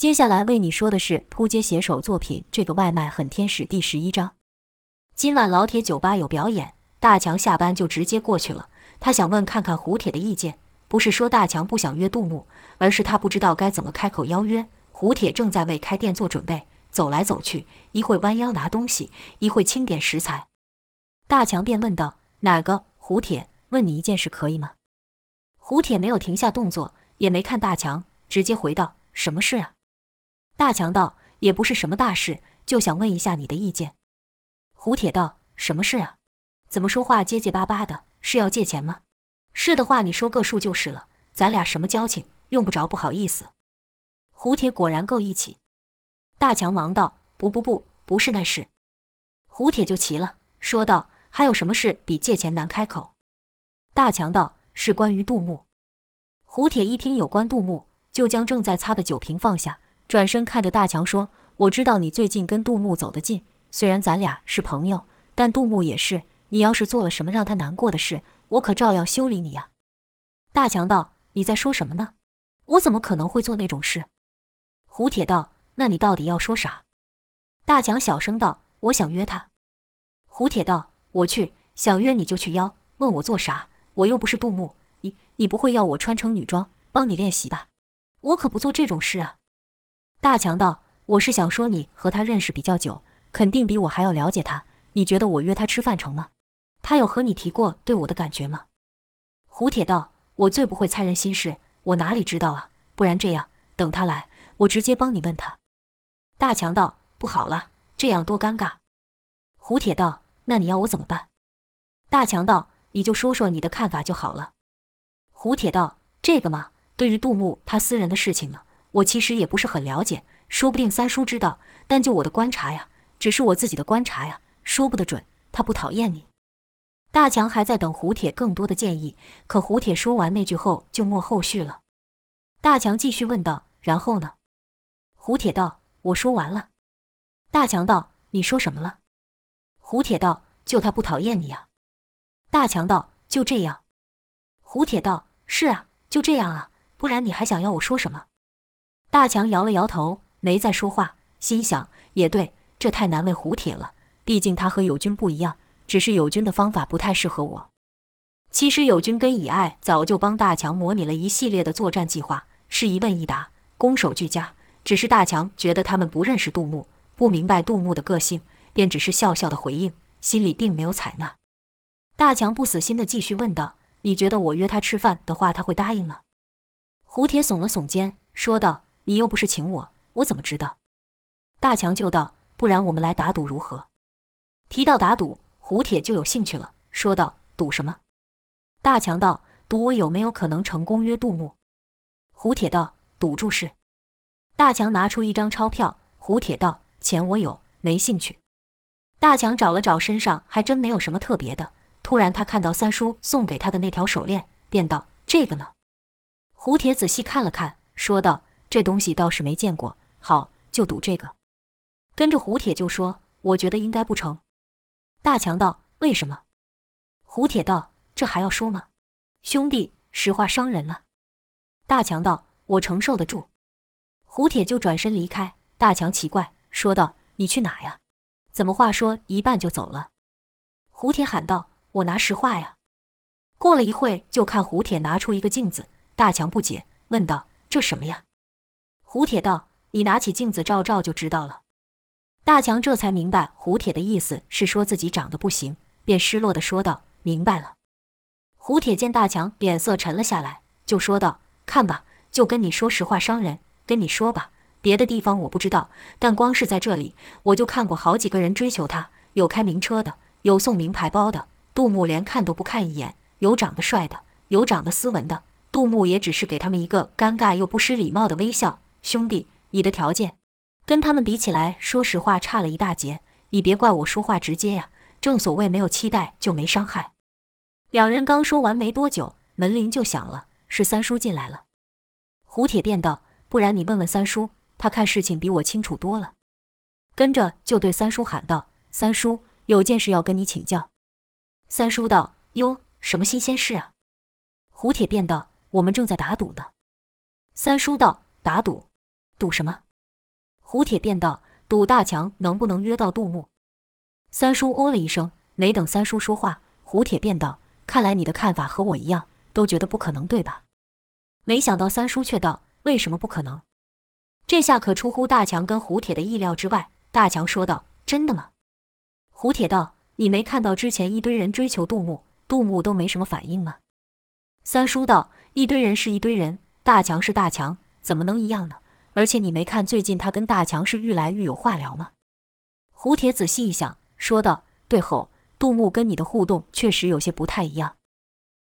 接下來為你說的是撲街寫手作品《這個外賣很天使》第十一章。今晚老鐵酒吧有表演，大強下班就直接過去了。他想問看看胡鐵的意見。不是說大強不想約杜牧，而是他不知道該怎麼開口邀約。胡鐵正在為開店做準備，走來走去，一會彎腰拿東西，一會清點食材。大強便問道：“哪個？”胡鐵，問你一件事可以嗎？胡鐵沒有停下動作，也沒看大強，直接回道：“什麼事啊？”大強道：“也不是什麼大事，就想問一下你的意見。”胡鐵道：“什麼事啊？怎麼說話結結巴巴的？是要借錢嗎？是的話，你說個數就是了。咱倆什麼交情，用不着不好意思。”胡鐵果然夠義氣。大強忙道：“不不不，不是那事。”胡鐵就急了，說道：“還有什麼事比借錢難開口？”大強道：“是關於杜牧。”胡鐵一聽有關杜牧，就將正在擦的酒瓶放下。轉身看着大強說：“我知道你最近跟杜牧走得近，雖然咱倆是朋友，但杜牧也是。你要是做了什麼讓他難過的事，我可照樣修理你呀。”大強道：“你在說什麼呢？我怎麼可能會做那種事？”胡鐵道：“那你到底要說啥？”大強小聲道：“我想約他。”胡鐵道：“我去，想約你就去邀，問我做啥？我又不是杜牧，你你不會要我穿成女裝幫你練習吧？我可不做這種事啊！”大強道：“我是想說，你和他認識比較久，肯定比我還要了解他。你覺得我約他吃飯成嗎？他有和你提過對我的感覺嗎？”胡鐵道：“我最不會猜人心事，我哪裡知道啊！不然這樣，等他來，我直接幫你問他。”大強道：“不好了，這樣多尷尬。”胡鐵道：“那你要我怎麼辦？”大強道：“你就說說你的看法就好了。”胡鐵道：“這個嘛，對於杜牧他私人的事情呢。”我其實也不是很了解，說不定三叔知道，但就我的觀察呀，只是我自己的觀察呀，說不得準。他不討厭你。大強還在等胡鐵更多的建議，可胡鐵說完那句後就沒後續了。大強繼續問道：“然後呢？”胡鐵道：“我說完了。”大強道：“你說什麼了？”胡鐵道：“就他不討厭你呀。”大強道：“就這樣。”胡鐵道：“是啊，就這樣啊，不然你還想要我說什麼？”大強搖了搖頭，沒再說話，心想也對，這太難為胡鐵了。畢竟他和友軍不一樣，只是友軍的方法不太適合我。其實友軍跟以愛早就幫大強模擬了一系列的作戰計劃，是一問一答，攻守俱佳。只是大強覺得他們不認識杜牧，不明白杜牧的個性，便只是笑笑的回應，心裡並沒有採納。大強不死心的繼續問道：“你覺得我約他吃飯的話，他會答應嗎？”胡鐵聳了聳肩，說道。你又不是請我，我怎麼知道？大強就道，不然我們來打賭如何？提到打賭，胡鐵就有興趣了，說道：“賭什麼？”大強道：“賭我有沒有可能成功約杜牧。”胡鐵道：“賭注是……”大強拿出一張鈔票，胡鐵道：“錢我有，沒興趣。”大強找了找身上，還真沒有什麼特別的。突然，他看到三叔送給他的那條手鏈，便道：“這個呢？”胡鐵仔細看了看，說道。這東西倒是沒見過，好，就賭這個。跟着胡鐵就說：“我覺得應該不成。”大強道：“為什麼？”胡鐵道：“這還要說嗎？”兄弟，實話傷人了。大強道：“我承受得住。”胡鐵就轉身離開。大強奇怪說道：“你去哪呀？怎麼話說一半就走了？”胡鐵喊道：“我拿實話呀！”過了一會，就看胡鐵拿出一個鏡子。大強不解問道：“這什麼呀？”胡鐵道，你拿起鏡子照照就知道了。大強這才明白胡鐵的意思是說自己長得不行，便失落地說道：“明白了。”胡鐵見大強臉色沉了下來，就說道：“看吧，就跟你說實話傷人，跟你說吧。別的地方我不知道，但光是在這裡，我就看過好幾個人追求他，有開名車的，有送名牌包的。杜牧連看都不看一眼，有長得帥的，有長得斯文的，杜牧也只是給他們一個尷尬又不失禮貌的微笑。”兄弟，你的條件跟他們比起來，說實話差了一大截。你別怪我說話直接呀、啊。正所謂沒有期待就沒傷害。兩人剛說完沒多久，門鈴就響了，是三叔進來了。胡鐵便道：“不然你問問三叔，他看事情比我清楚多了。”跟着就對三叔喊道：“三叔，有件事要跟你請教。”三叔道：“喲，什麼新鮮事啊？”胡鐵便道：“我們正在打賭呢。”三叔道：“打賭？”賭什麼？胡鐵便道：“賭大強能不能約到杜牧。”三叔哦了一聲，沒等三叔說話，胡鐵便道：“看來你的看法和我一樣，都覺得不可能，對吧？”沒想到三叔卻道：“為什麼不可能？”這下可出乎大強跟胡鐵的意料之外。大強說道：“真的嗎？”胡鐵道：“你沒看到之前一堆人追求杜牧，杜牧都沒什麼反應嗎？”三叔道：“一堆人是一堆人，大強是大強，怎麼能一樣呢？”而且你沒看最近他跟大強是愈來愈有話聊嗎？胡鐵仔細一想，說道：“對吼，杜牧跟你的互動確實有些不太一樣。”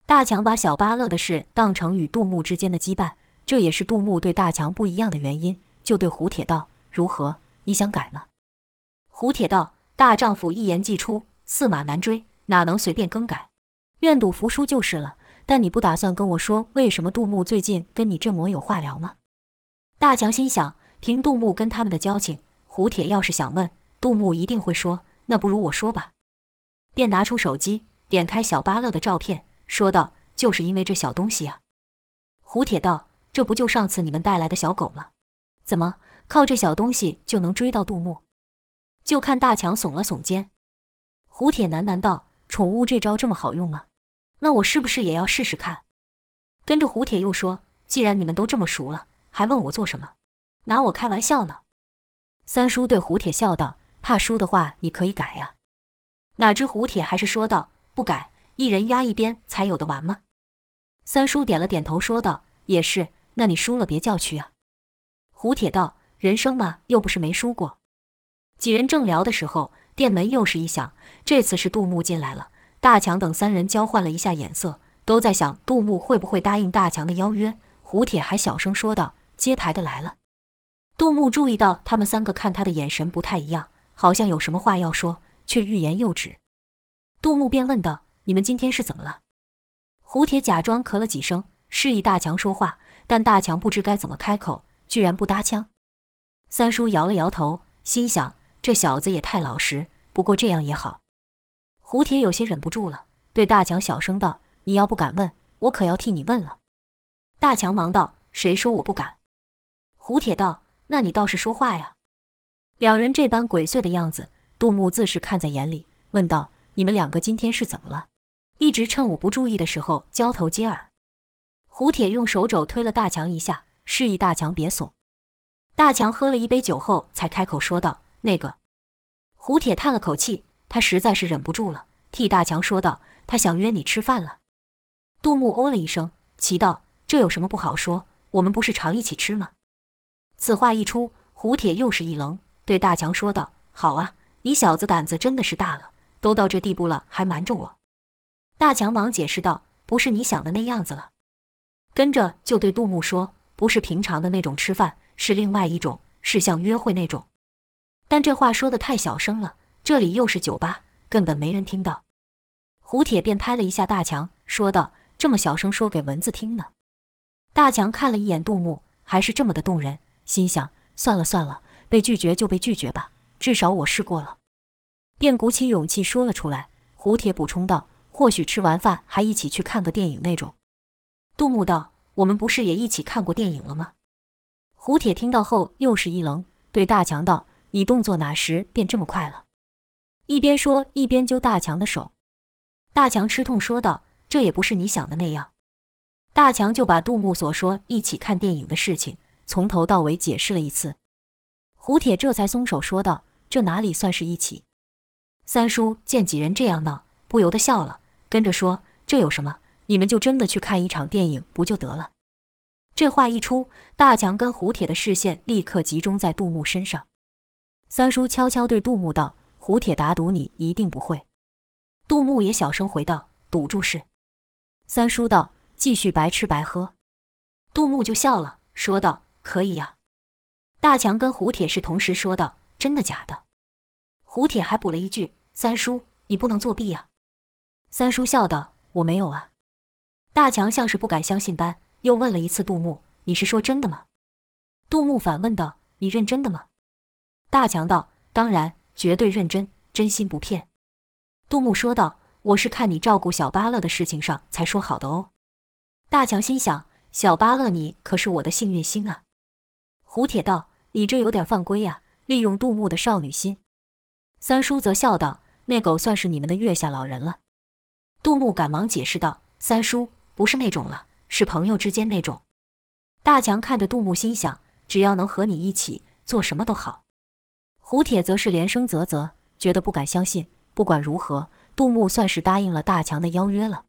大強把小巴樂的事當成與杜牧之間的羈絆，這也是杜牧對大強不一樣的原因。就對胡鐵道：“如何？你想改嗎？”胡鐵道：“大丈夫一言既出，駟馬難追，哪能隨便更改？願賭服輸就是了。但你不打算跟我說為什麼杜牧最近跟你這麼有話聊嗎？”大強心想，憑杜牧跟他們的交情，胡鐵要是想問杜牧，一定會說，那不如我說吧。便拿出手機，點開小巴樂的照片，說道：“就是因為這小東西啊。”胡鐵道：“這不就上次你們帶來的小狗嗎？怎麼靠這小東西就能追到杜牧？”就看大強聳了聳肩。胡鐵喃喃道：“寵物這招這麼好用嗎？那我是不是也要試試看？”跟着胡鐵又說：“既然你們都這麼熟了。”還問我做什麼？拿我開玩笑呢？三叔對胡鐵笑道：“怕輸的話，你可以改呀。”哪知胡鐵還是說道：“不改，一人壓一邊才有的玩嗎？”三叔點了點頭，說道：“也是，那你輸了別叫屈啊。”胡鐵道：“人生嘛，又不是沒輸過。”幾人正聊的時候，店門又是一響，這次是杜牧進來了。大強等三人交換了一下眼色，都在想杜牧會不會答應大強的邀約。胡鐵還小聲說道。接檯的來了，杜牧注意到他們三個看他的眼神不太一樣，好像有什麼話要說，卻欲言又止。杜牧便問道：“你們今天是怎麼了？”胡鐵假裝咳了幾聲，示意大強說話，但大強不知該怎麼開口，居然不搭腔。三叔搖了搖頭，心想：“這小子也太老實，不過這樣也好。”胡鐵有些忍不住了，對大強小聲道：“你要不敢問，我可要替你問了。”大強忙道：“誰說我不敢？”胡鐵道，那你倒是說話呀！兩人這般鬼祟的樣子，杜牧自是看在眼裡，問道：“你們兩個今天是怎麼了？一直趁我不注意的時候交頭接耳。”胡鐵用手肘推了大強一下，示意大強別慫。大強喝了一杯酒後，才開口說道：“那個。”胡鐵嘆了口氣，他實在是忍不住了，替大強說道：“他想約你吃飯了。”杜牧哦了一聲，奇道：“這有什麼不好說？我們不是常一起吃嗎？”此話一出，胡鐵又是一愣，對大強說道：“好啊，你小子膽子真的是大了，都到這地步了還瞞着我。”大強忙解釋道：“不是你想的那樣子了。”跟着就對杜牧說：“不是平常的那種吃飯，是另外一種，是像約會那種。”但這話說得太小聲了，這裡又是酒吧，根本沒人聽到。胡鐵便拍了一下大強，說道：“這麼小聲說給蚊子聽呢？”大強看了一眼杜牧，還是這麼的動人。心想，算了算了，被拒絕就被拒絕吧，至少我試過了。便鼓起勇氣說了出來。胡鐵補充道：“或許吃完飯還一起去看個電影那種。”杜牧道：“我們不是也一起看過電影了嗎？”胡鐵聽到後又是一愣，對大強道：“你動作哪時變這麼快了？”一邊說一邊揪大強的手。大強吃痛說道：“這也不是你想的那樣。”大強就把杜牧所說一起看電影的事情。從頭到尾解釋了一次，胡鐵這才鬆手說道：“這哪裡算是一起？”三叔見幾人這樣鬧，不由得笑了，跟着說：“這有什麼？你們就真的去看一場電影不就得了？”這話一出，大強跟胡鐵的視線立刻集中在杜牧身上。三叔悄悄對杜牧道：“胡鐵打賭你一定不會。”杜牧也小聲回道：“賭注是。”三叔道：“繼續白吃白喝。”杜牧就笑了，說道：可以呀。大強跟胡鐵是同時說道：“真的假的？”胡鐵還補了一句：“三叔，你不能作弊呀。”三叔笑道：“我沒有啊。”大強像是不敢相信般，又問了一次杜牧：“你是說真的嗎？”杜牧反問道：“你認真的嗎？”大強道：“當然，絕對認真，真心不騙。”杜牧說道：“我是看你照顧小巴勒的事情上才說好的哦。”大強心想：“小巴勒，你可是我的幸運星啊。”胡鐵道，你這有點犯規呀！利用杜牧的少女心。三叔則笑道：“那狗算是你們的月下老人了。”杜牧趕忙解釋道：“三叔不是那種了，是朋友之間那種。”大強看着杜牧，心想：只要能和你一起，做什麼都好。胡鐵則是連聲嘖嘖，覺得不敢相信。不管如何，杜牧算是答應了大強的邀約了。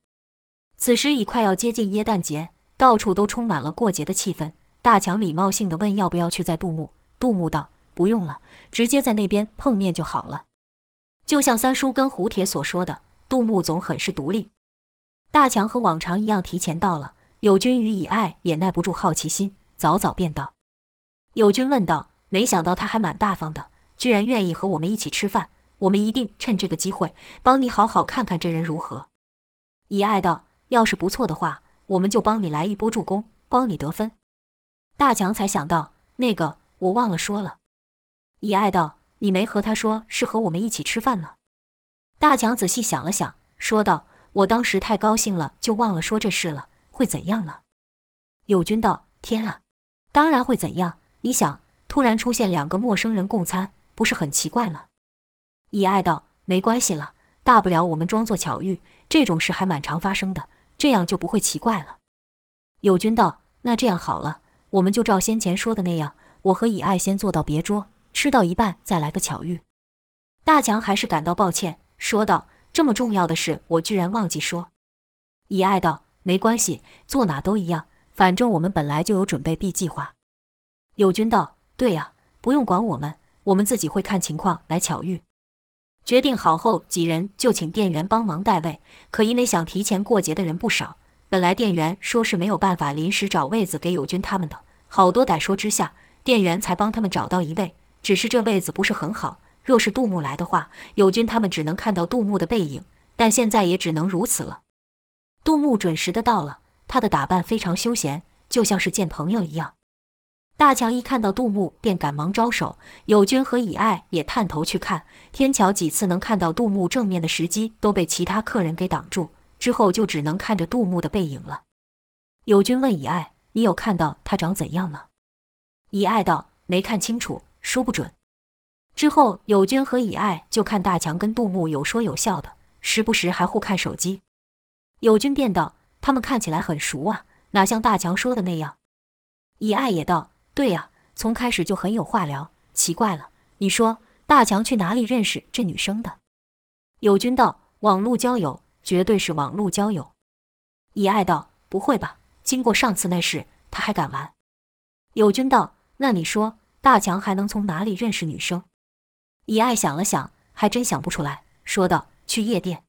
此時已快要接近耶誕節，到處都充滿了過節的氣氛。大強禮貌性地問：“要不要去在杜牧？”杜牧道：“不用了，直接在那邊碰面就好了。”就像三叔跟胡鐵所說的，杜牧總很是獨立。大強和往常一樣提前到了，友軍與以愛也耐不住好奇心，早早便到。友軍問道：“沒想到他還蠻大方的，居然願意和我們一起吃飯。我們一定趁這個機會幫你好好看看這人如何。”以愛道：“要是不錯的話，我們就幫你來一波助攻，幫你得分。”大強才想到，那個我忘了說了。乙愛道：“你沒和他說是和我們一起吃飯呢？”大強仔細想了想，說道：“我當時太高興了，就忘了說這事了。會怎樣呢？”友軍道：“天啊，當然會怎樣！你想，突然出現兩個陌生人共餐，不是很奇怪嗎？”乙愛道：“沒關係了，大不了我們裝作巧遇，這種事還蠻常發生的，這樣就不會奇怪了。”友軍道：“那這樣好了。”我們就照先前說的那樣，我和以愛先坐到別桌，吃到一半再來個巧遇。大強還是感到抱歉，說道：“這麼重要的事，我居然忘記說。”以愛道：“沒關係，坐哪都一樣，反正我們本來就有準備 B 計劃。”友軍道：“對呀、啊，不用管我們，我們自己會看情況來巧遇。”決定好後，幾人就請店員幫忙帶位，可因為想提前過節的人不少。本來店員說是沒有辦法臨時找位子給友軍他們的，好多歹說之下，店員才幫他們找到一位，只是這位子不是很好。若是杜牧來的話，友軍他們只能看到杜牧的背影，但現在也只能如此了。杜牧準時的到了，他的打扮非常休閒，就像是見朋友一樣。大強一看到杜牧便趕忙招手，友軍和以愛也探頭去看，天橋幾次能看到杜牧正面的時機都被其他客人給擋住。之後就只能看着杜牧的背影了。友軍問以愛：“你有看到他長怎樣嗎？”以愛道：“沒看清楚，說不準。”之後，友軍和以愛就看大強跟杜牧有說有笑的，時不時還互看手機。友軍便道：“他們看起來很熟啊，哪像大強說的那樣？”以愛也道：“對呀，從開始就很有話聊。奇怪了，你說大強去哪裡認識這女生的？”友軍道：“網絡交友。”絕對是網絡交友。乙愛道：“不會吧？經過上次那事，他還敢玩？”友軍道：“那你說，大強還能從哪裡認識女生？”乙愛想了想，還真想不出來，說道：“去夜店？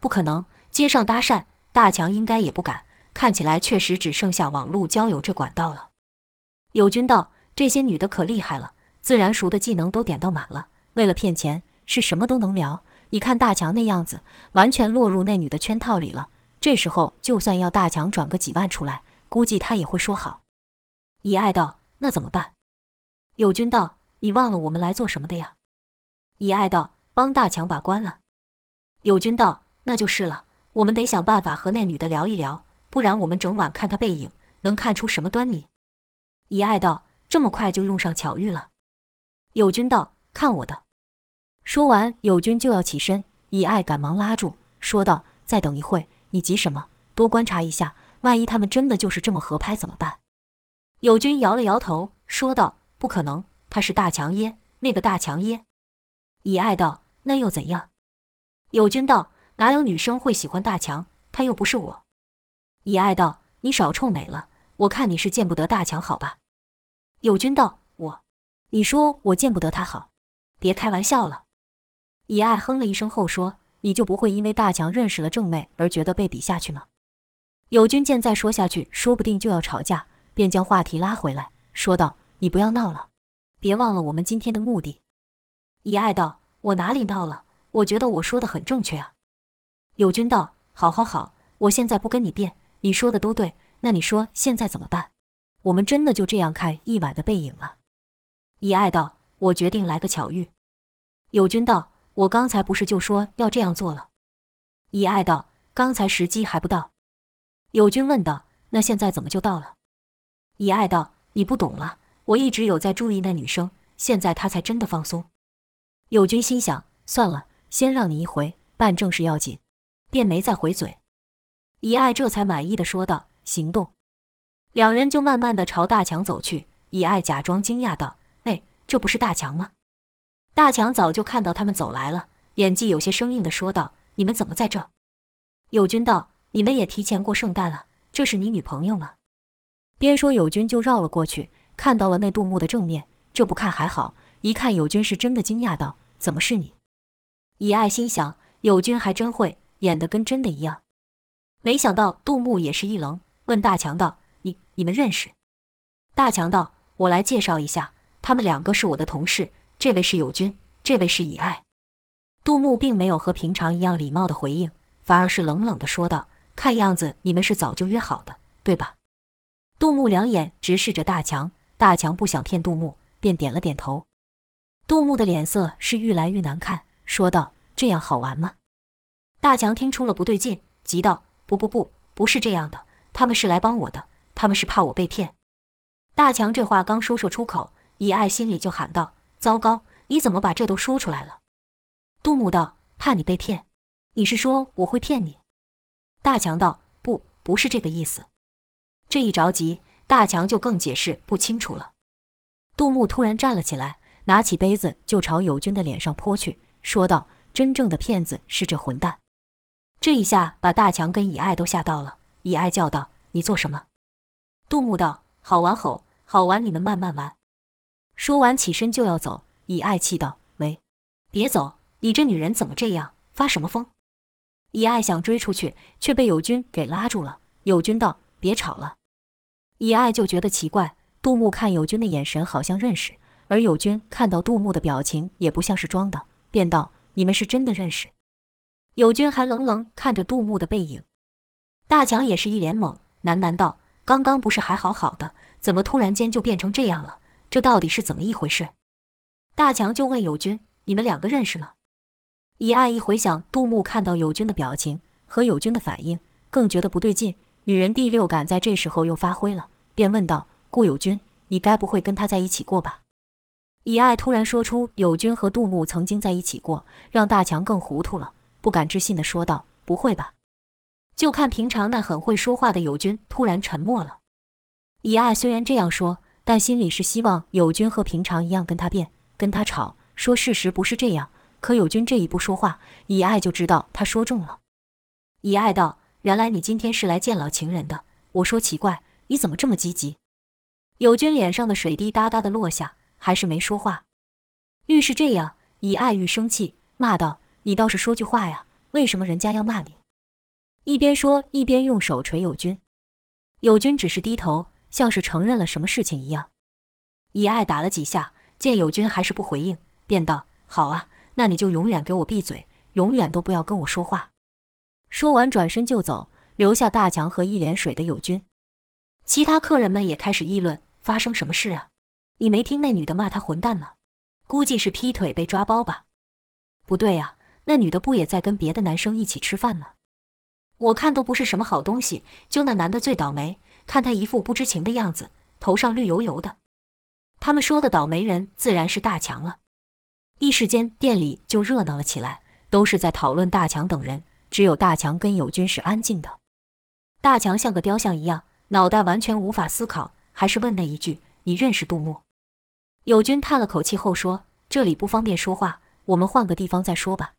不可能。街上搭訕，大強應該也不敢。看起來確實只剩下網絡交友這管道了。”友軍道：“這些女的可厲害了，自然熟的技能都點到滿了，為了騙錢，是什麼都能聊。”你看大強那樣子，完全落入那女的圈套裡了。這時候就算要大強轉個幾萬出來，估計他也會說好。乙愛道：“那怎麼辦？”友軍道：“你忘了我們來做什麼的呀？”乙愛道：“幫大強把關了。”友軍道：“那就是了。我們得想辦法和那女的聊一聊，不然我們整晚看她背影，能看出什麼端倪？”乙愛道：“這麼快就用上巧遇了？”友軍道：“看我的。”說完，友軍就要起身，以愛趕忙拉住，說道：“再等一會，你急什麼？多觀察一下，萬一他們真的就是這麼合拍怎麼辦？”友軍搖了搖頭，說道：“不可能，他是大強耶，那個大強耶。”以愛道：“那又怎樣？”友軍道：“哪有女生會喜歡大強？他又不是我。”以愛道：“你少臭美了，我看你是見不得大強好吧？”友軍道：“我，你說我見不得他好，別開玩笑了。”以愛哼了一聲後說：“你就不會因為大強認識了正妹而覺得被比下去嗎？”友軍見再說下去，說不定就要吵架，便將話題拉回來，說道：“你不要鬧了，別忘了我們今天的目的。”以愛道：“我哪裡鬧了？我覺得我說的很正確啊。”友軍道：“好，好，好，我現在不跟你辯，你說的都對。那你說現在怎麼辦？我們真的就這樣看一晚的背影了？”以愛道：“我決定來個巧遇。”友軍道。我剛才不是就說要這樣做了？以愛道，剛才時機還不到。友軍問道：“那現在怎麼就到了？”以愛道：“你不懂了，我一直有在注意那女生，現在她才真的放鬆。”友軍心想：“算了，先讓你一回，辦正事要緊。”便沒再回嘴。以愛這才滿意的說道：“行動。”兩人就慢慢的朝大強走去。以愛假裝驚訝道：“哎，這不是大強嗎？”大強早就看到他們走來了，演技有些生硬地說道：“你們怎麼在這？”友軍道：“你們也提前過聖誕了？這是你女朋友嗎？”邊說，友軍就繞了過去，看到了那杜牧的正面。這不看還好，一看友軍是真的驚訝道：“怎麼是你？”以愛心想，友軍還真會演得跟真的一樣。沒想到杜牧也是一愣，問大強道：“你你們認識？”大強道：“我來介紹一下，他們兩個是我的同事。”這位是友軍，這位是以愛。杜牧並沒有和平常一樣禮貌的回應，反而是冷冷的說道：“看樣子你們是早就約好的，對吧？”杜牧兩眼直視着大強，大強不想騙杜牧，便點了點頭。杜牧的臉色是愈來愈難看，說道：“這樣好玩嗎？”大強聽出了不對勁，急道：“不不不，不是這樣的，他們是來幫我的，他們是怕我被騙。”大強這話剛說說出口，以愛心裡就喊道，糟糕！你怎麼把這都說出來了？杜牧道：“怕你被騙。”你是說我會騙你？大強道：“不，不是這個意思。”這一着急，大強就更解釋不清楚了。杜牧突然站了起來，拿起杯子就朝友軍的臉上潑去，說道：“真正的騙子是這混蛋！”這一下把大強跟以愛都嚇到了。以愛叫道：“你做什麼？”杜牧道：“好玩吼，好玩！你們慢慢玩。”說完，起身就要走。以愛氣道：“喂，別走！你這女人怎麼這樣？發什麼瘋？”以愛想追出去，卻被友軍給拉住了。友軍道：“別吵了。”以愛就覺得奇怪，杜牧看友軍的眼神好像認識，而友軍看到杜牧的表情也不像是裝的，便道：“你們是真的認識？”友軍還冷冷看着杜牧的背影。大強也是一臉懵，喃喃道：“剛剛不是還好好的，怎麼突然間就變成這樣了？”這到底是怎麼一回事？大強就問友軍：“你們兩個認識嗎？”以愛一回想，杜牧看到友軍的表情和友軍的反應，更覺得不對勁。女人第六感在這時候又發揮了，便問道：“顧友軍，你該不會跟他在一起過吧？”以愛突然說出友軍和杜牧曾經在一起過，讓大強更糊塗了，不敢置信地說道：“不會吧？”就看平常那很會說話的友軍突然沉默了。以愛雖然這樣說。但心裡是希望友軍和平常一樣跟他辯、跟他吵，說事實不是這樣。可友軍這一步說話，以愛就知道他說中了。以愛道：“原來你今天是來見老情人的。”我說：“奇怪，你怎麼這麼積極？”友軍臉上的水滴答答的落下，還是沒說話。愈是這樣，以愛愈生氣，罵道：“你倒是說句話呀！為什麼人家要罵你？”一邊說，一邊用手捶友軍。友軍只是低頭。像是承認了什麼事情一樣，以愛打了幾下，見友軍還是不回應，便道：“好啊，那你就永遠給我閉嘴，永遠都不要跟我說話。”說完轉身就走，留下大強和一臉水的友軍。其他客人們也開始議論：“發生什麼事啊？你沒聽那女的罵他混蛋嗎？估計是劈腿被抓包吧？不對呀，那女的不也在跟別的男生一起吃飯嗎？我看都不是什麼好東西，就那男的最倒霉。”看他一副不知情的樣子，頭上綠油油的。他們說的倒霉人自然是大強了。一時間店裡就熱鬧了起來，都是在討論大強等人。只有大強跟友軍是安靜的。大強像個雕像一樣，腦袋完全無法思考，還是問那一句：“你認識杜牧？”友軍嘆了口氣後說：“這裡不方便說話，我們換個地方再說吧。”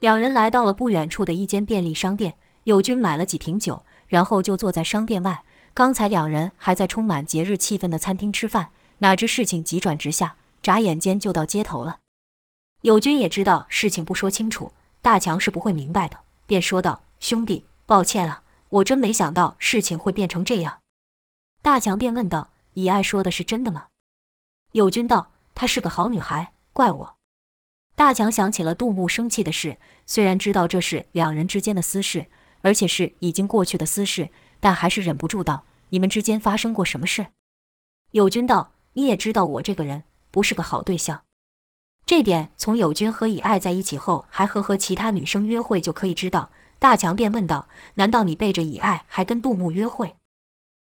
兩人來到了不遠處的一間便利商店，友軍買了幾瓶酒，然後就坐在商店外。剛才兩人還在充滿節日氣氛的餐廳吃飯，哪知事情急轉直下，眨眼間就到街頭了。友軍也知道事情不說清楚，大強是不會明白的，便說道：“兄弟，抱歉啊，我真沒想到事情會變成這樣。”大強便問道：“以愛說的是真的嗎？”友軍道：“她是個好女孩，怪我。”大強想起了杜牧生氣的事，雖然知道這是兩人之間的私事，而且是已經過去的私事，但還是忍不住道：你們之間發生過什麼事？友軍道：“你也知道我這個人不是個好對象，這點從友軍和以愛在一起後還和和其他女生約會就可以知道。”大強便問道：“難道你背着以愛還跟杜牧約會？”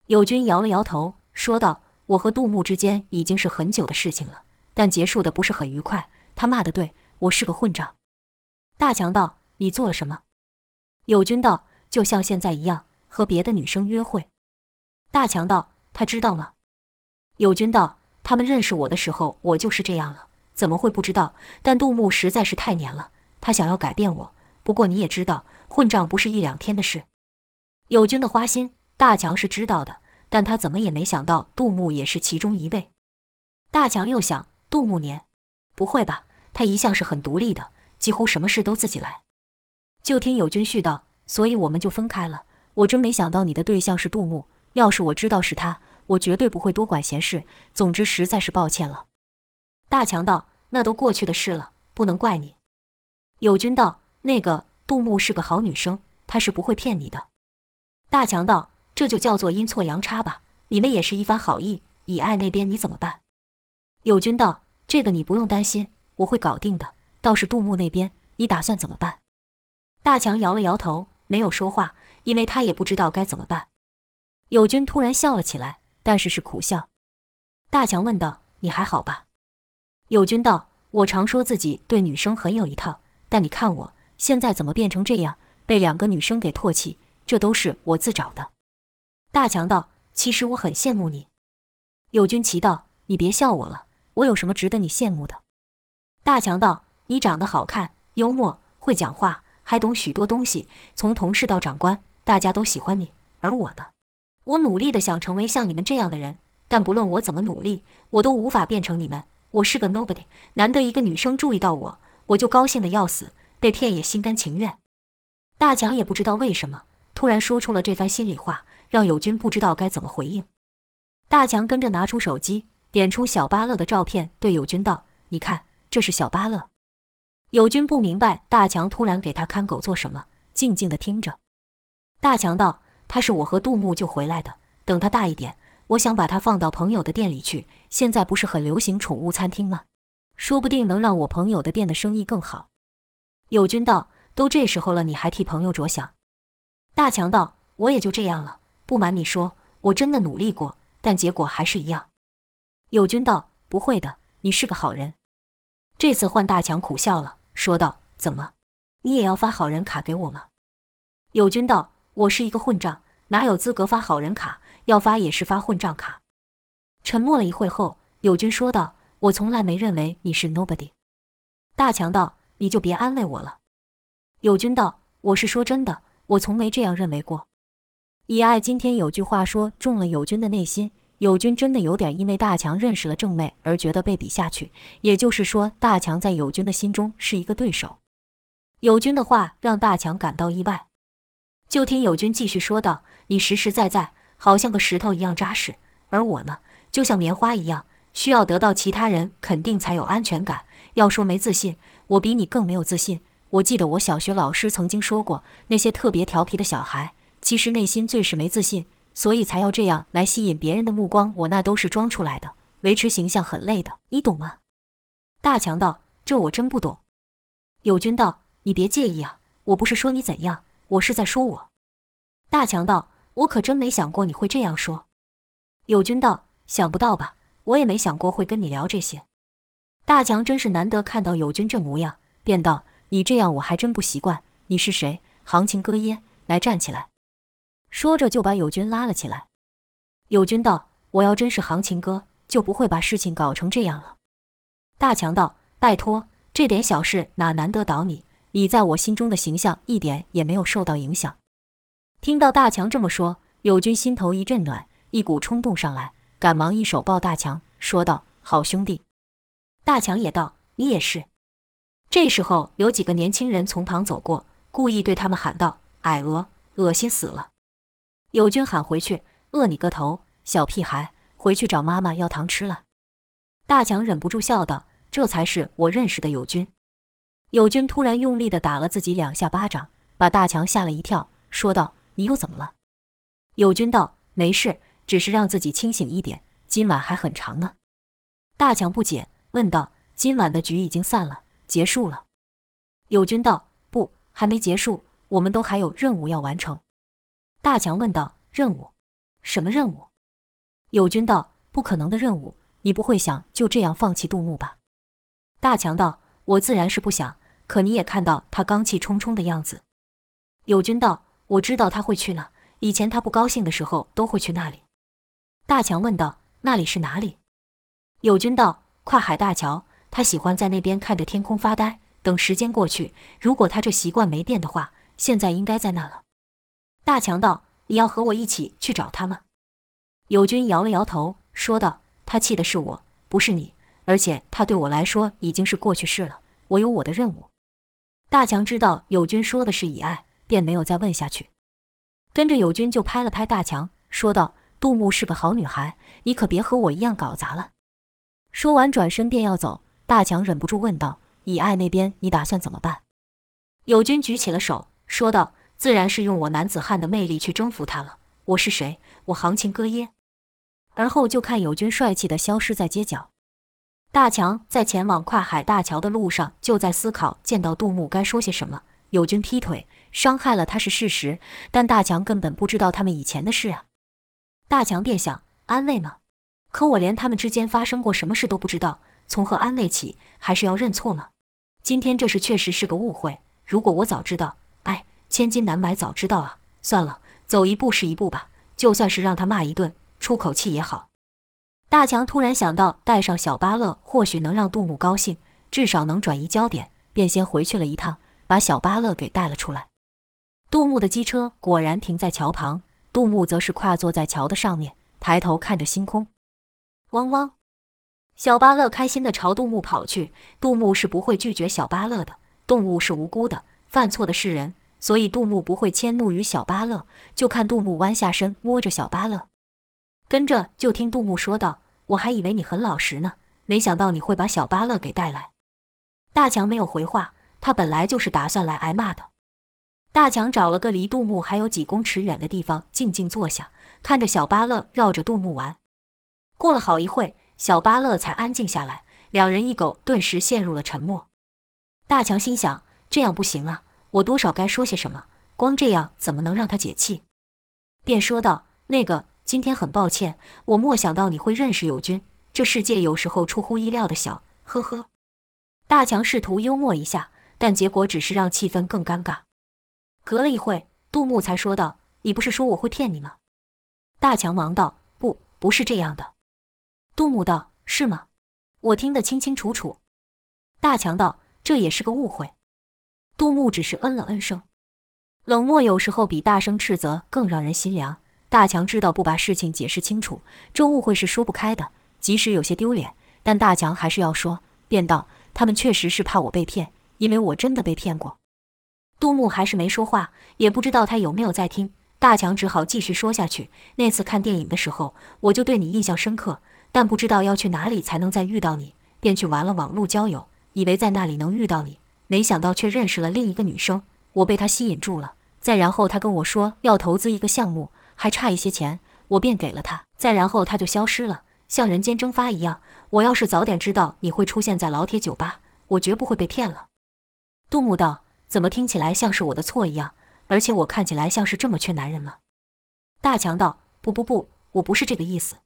友軍搖了搖頭，說道：“我和杜牧之間已經是很久的事情了，但結束的不是很愉快。他罵得對，我是個混賬。”大強道：“你做了什麼？”友軍道：“就像現在一樣，和別的女生約會。”大強道：“他知道了。”友軍道：“他們認識我的時候，我就是這樣了，怎麼會不知道？但杜牧實在是太黏了，他想要改變我。不過你也知道，混賬不是一兩天的事。”友軍的花心，大強是知道的，但他怎麼也沒想到杜牧也是其中一位。大強又想：杜牧黏？不會吧？他一向是很獨立的，幾乎什麼事都自己來。就聽友軍絮叨：“所以我們就分開了。我真沒想到你的對象是杜牧。”要是我知道是他，我絕對不會多管閒事。總之，實在是抱歉了。大強道：“那都過去的事了，不能怪你。”友軍道：“那個杜牧是個好女生，她是不會騙你的。”大強道：“這就叫做陰錯陽差吧。你們也是一番好意。以愛那邊你怎麼辦？”友軍道：“這個你不用擔心，我會搞定的。倒是杜牧那邊，你打算怎麼辦？”大強搖了搖頭，沒有說話，因為他也不知道該怎麼辦。友軍突然笑了起來，但是是苦笑。大強問道：“你還好吧？”友軍道：“我常說自己對女生很有一套，但你看我現在怎麼變成這樣，被兩個女生給唾棄，這都是我自找的。”大強道：“其實我很羨慕你。”友軍奇道：“你別笑我了，我有什麼值得你羨慕的？”大強道：“你長得好看，幽默，會講話，還懂許多東西，從同事到長官，大家都喜歡你，而我呢……”我努力地想成為像你們這樣的人，但不論我怎麼努力，我都無法變成你們。我是個 nobody，難得一個女生注意到我，我就高興得要死，被騙也心甘情願。大強也不知道為什麼，突然說出了這番心裡話，讓友軍不知道該怎麼回應。大強跟着拿出手機，點出小巴樂的照片，對友軍道：“你看，這是小巴樂。”友軍不明白大強突然給他看狗做什麼，靜靜地聽着。大強道。他是我和杜牧就回來的。等他大一點，我想把他放到朋友的店裡去。現在不是很流行寵物餐廳嗎？說不定能讓我朋友的店的生意更好。友軍道：“都這時候了，你還替朋友着想。”大強道：“我也就這樣了。不瞞你說，我真的努力過，但結果還是一樣。”友軍道：“不會的，你是個好人。”這次換大強苦笑了，說道：“怎麼，你也要發好人卡給我嗎？”友軍道，我是一個混賬，哪有資格發好人卡？要發也是發混賬卡。沉默了一會後，友軍說道：“我從來沒認為你是 nobody。”大強道：“你就別安慰我了。”友軍道：“我是說真的，我從沒這樣認為過。”以愛今天有句話說中了友軍的內心，友軍真的有點因為大強認識了正妹而覺得被比下去。也就是說，大強在友軍的心中是一個對手。友軍的話讓大強感到意外。就聽友軍繼續說道：“你實實在在，好像個石頭一樣扎實；而我呢，就像棉花一樣，需要得到其他人肯定才有安全感。要說沒自信，我比你更沒有自信。我記得我小學老師曾經說過，那些特別調皮的小孩，其實內心最是沒自信，所以才要這樣來吸引別人的目光。我那都是裝出來的，維持形象很累的，你懂嗎？”大強道：“這我真不懂。”友軍道：“你別介意啊，我不是說你怎樣。”我是在說我。大強道：“我可真沒想過你會這樣說。”友軍道：“想不到吧？我也沒想過會跟你聊這些。”大強真是難得看到友軍這模樣，便道：“你這樣我還真不習慣。你是誰？行情哥耶？來，站起來。”說着就把友軍拉了起來。友軍道：“我要真是行情哥，就不會把事情搞成這樣了。”大強道：“拜託，這點小事哪難得倒你？”你在我心中的形象一點也沒有受到影響。聽到大強這麼說，友軍心頭一陣暖，一股衝動上來，趕忙一手抱大強，說道：“好兄弟！”大強也道：“你也是。”這時候有幾個年輕人從旁走過，故意對他們喊道：“矮鵝，惡心死了！”友軍喊回去：“餓你個頭，小屁孩，回去找媽媽要糖吃了！”大強忍不住笑道：“這才是我認識的友軍。”友軍突然用力地打了自己兩下巴掌，把大強嚇了一跳，說道：“你又怎麼了？”友軍道：“沒事，只是讓自己清醒一點。今晚還很長呢。”大強不解，問道：“今晚的局已經散了，結束了？”友軍道：“不，還沒結束，我們都還有任務要完成。”大強問道：“任務？什麼任務？”友軍道：“不可能的任務，你不會想就這樣放棄杜牧吧？”大強道。我自然是不想，可你也看到他剛氣沖沖的樣子。友軍道：“我知道他會去那。以前他不高興的時候都會去那裡。”大強問道：“那裡是哪裡？”友軍道：“跨海大橋。他喜歡在那邊看着天空發呆。等時間過去，如果他這習慣沒變的話，現在應該在那了。”大強道：“你要和我一起去找他嗎？”友軍搖了搖頭，說道：“他氣的是我，不是你。”而且他對我來說已經是過去式了。我有我的任務。大強知道友軍說的是以愛，便沒有再問下去。跟着友軍就拍了拍大強，說道：“杜牧是個好女孩，你可別和我一樣搞砸了。”說完轉身便要走。大強忍不住問道：“以愛那邊你打算怎麼辦？”友軍舉起了手，說道：“自然是用我男子漢的魅力去征服他了。我是誰？我行情哥耶。”而後就看友軍帥氣地消失在街角。大強在前往跨海大橋的路上，就在思考見到杜牧該說些什麼。友軍劈腿傷害了他是事實，但大強根本不知道他們以前的事啊。大強便想安慰嗎？可我連他們之間發生過什麼事都不知道，從何安慰起？還是要認錯嗎？今天這事確實是個誤會。如果我早知道，哎，千金難買早知道啊！算了，走一步是一步吧。就算是讓他罵一頓，出口氣也好。大強突然想到帶上小巴樂或許能讓杜牧高興，至少能轉移焦點，便先回去了一趟，把小巴樂給帶了出來。杜牧的機車果然停在橋旁，杜牧則是跨坐在橋的上面，抬頭看着星空。汪汪！小巴樂開心地朝杜牧跑去。杜牧是不會拒絕小巴樂的，動物是無辜的，犯錯的是人，所以杜牧不會遷怒於小巴樂。就看杜牧彎下身摸着小巴樂。跟着就聽杜牧說道：“我還以為你很老實呢，沒想到你會把小巴勒給帶來。”大強沒有回話，他本來就是打算來挨罵的。大強找了個離杜牧還有幾公尺遠的地方靜靜坐下，看着小巴勒繞着杜牧玩。過了好一會，小巴勒才安靜下來，兩人一狗頓時陷入了沉默。大強心想：這樣不行啊，我多少該說些什麼，光這樣怎麼能讓他解氣？便說道：“那個。”今天很抱歉，我沒想到你會認識友軍。這世界有時候出乎意料的小，呵呵。大強試圖幽默一下，但結果只是讓氣氛更尷尬。隔了一會，杜牧才說道：“你不是說我會騙你嗎？”大強忙道：“不，不是這樣的。”杜牧道：“是嗎？我聽得清清楚楚。”大強道：“這也是個誤會。”杜牧只是嗯了嗯聲，冷漠有時候比大聲斥責更讓人心涼。大強知道不把事情解釋清楚，這誤會是說不開的。即使有些丟臉，但大強還是要說，便道：“他們確實是怕我被騙，因為我真的被騙過。”杜牧還是沒說話，也不知道他有沒有在聽。大強只好繼續說下去：“那次看電影的時候，我就對你印象深刻，但不知道要去哪裡才能再遇到你，便去玩了網絡交友，以為在那裡能遇到你，沒想到卻認識了另一個女生，我被他吸引住了。再然後，他跟我說要投資一個項目。”還差一些錢，我便給了他，再然後他就消失了，像人間蒸發一樣。我要是早點知道你會出現在老鐵酒吧，我絕不會被騙了。杜牧道：“怎麼聽起來像是我的錯一樣？而且我看起來像是這麼缺男人嗎？”大強道：“不不不，我不是這個意思。”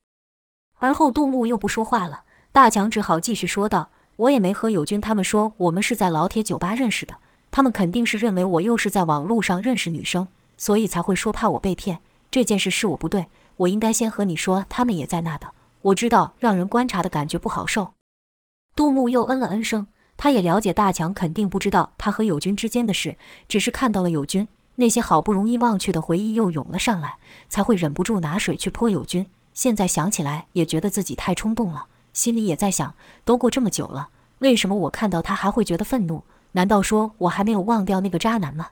而後杜牧又不說話了，大強只好繼續說道：“我也沒和友軍他們說，我們是在老鐵酒吧認識的，他們肯定是認為我又是在網絡上認識女生，所以才會說怕我被騙。”這件事是我不對，我應該先和你說，他們也在那的。我知道讓人觀察的感覺不好受。杜牧又嗯了嗯聲，他也了解大強肯定不知道他和友軍之間的事，只是看到了友軍，那些好不容易忘卻的回憶又湧了上來，才會忍不住拿水去潑友軍。現在想起來也覺得自己太衝動了，心裡也在想，都過這麼久了，為什麼我看到他還會覺得憤怒？難道說我還沒有忘掉那個渣男嗎？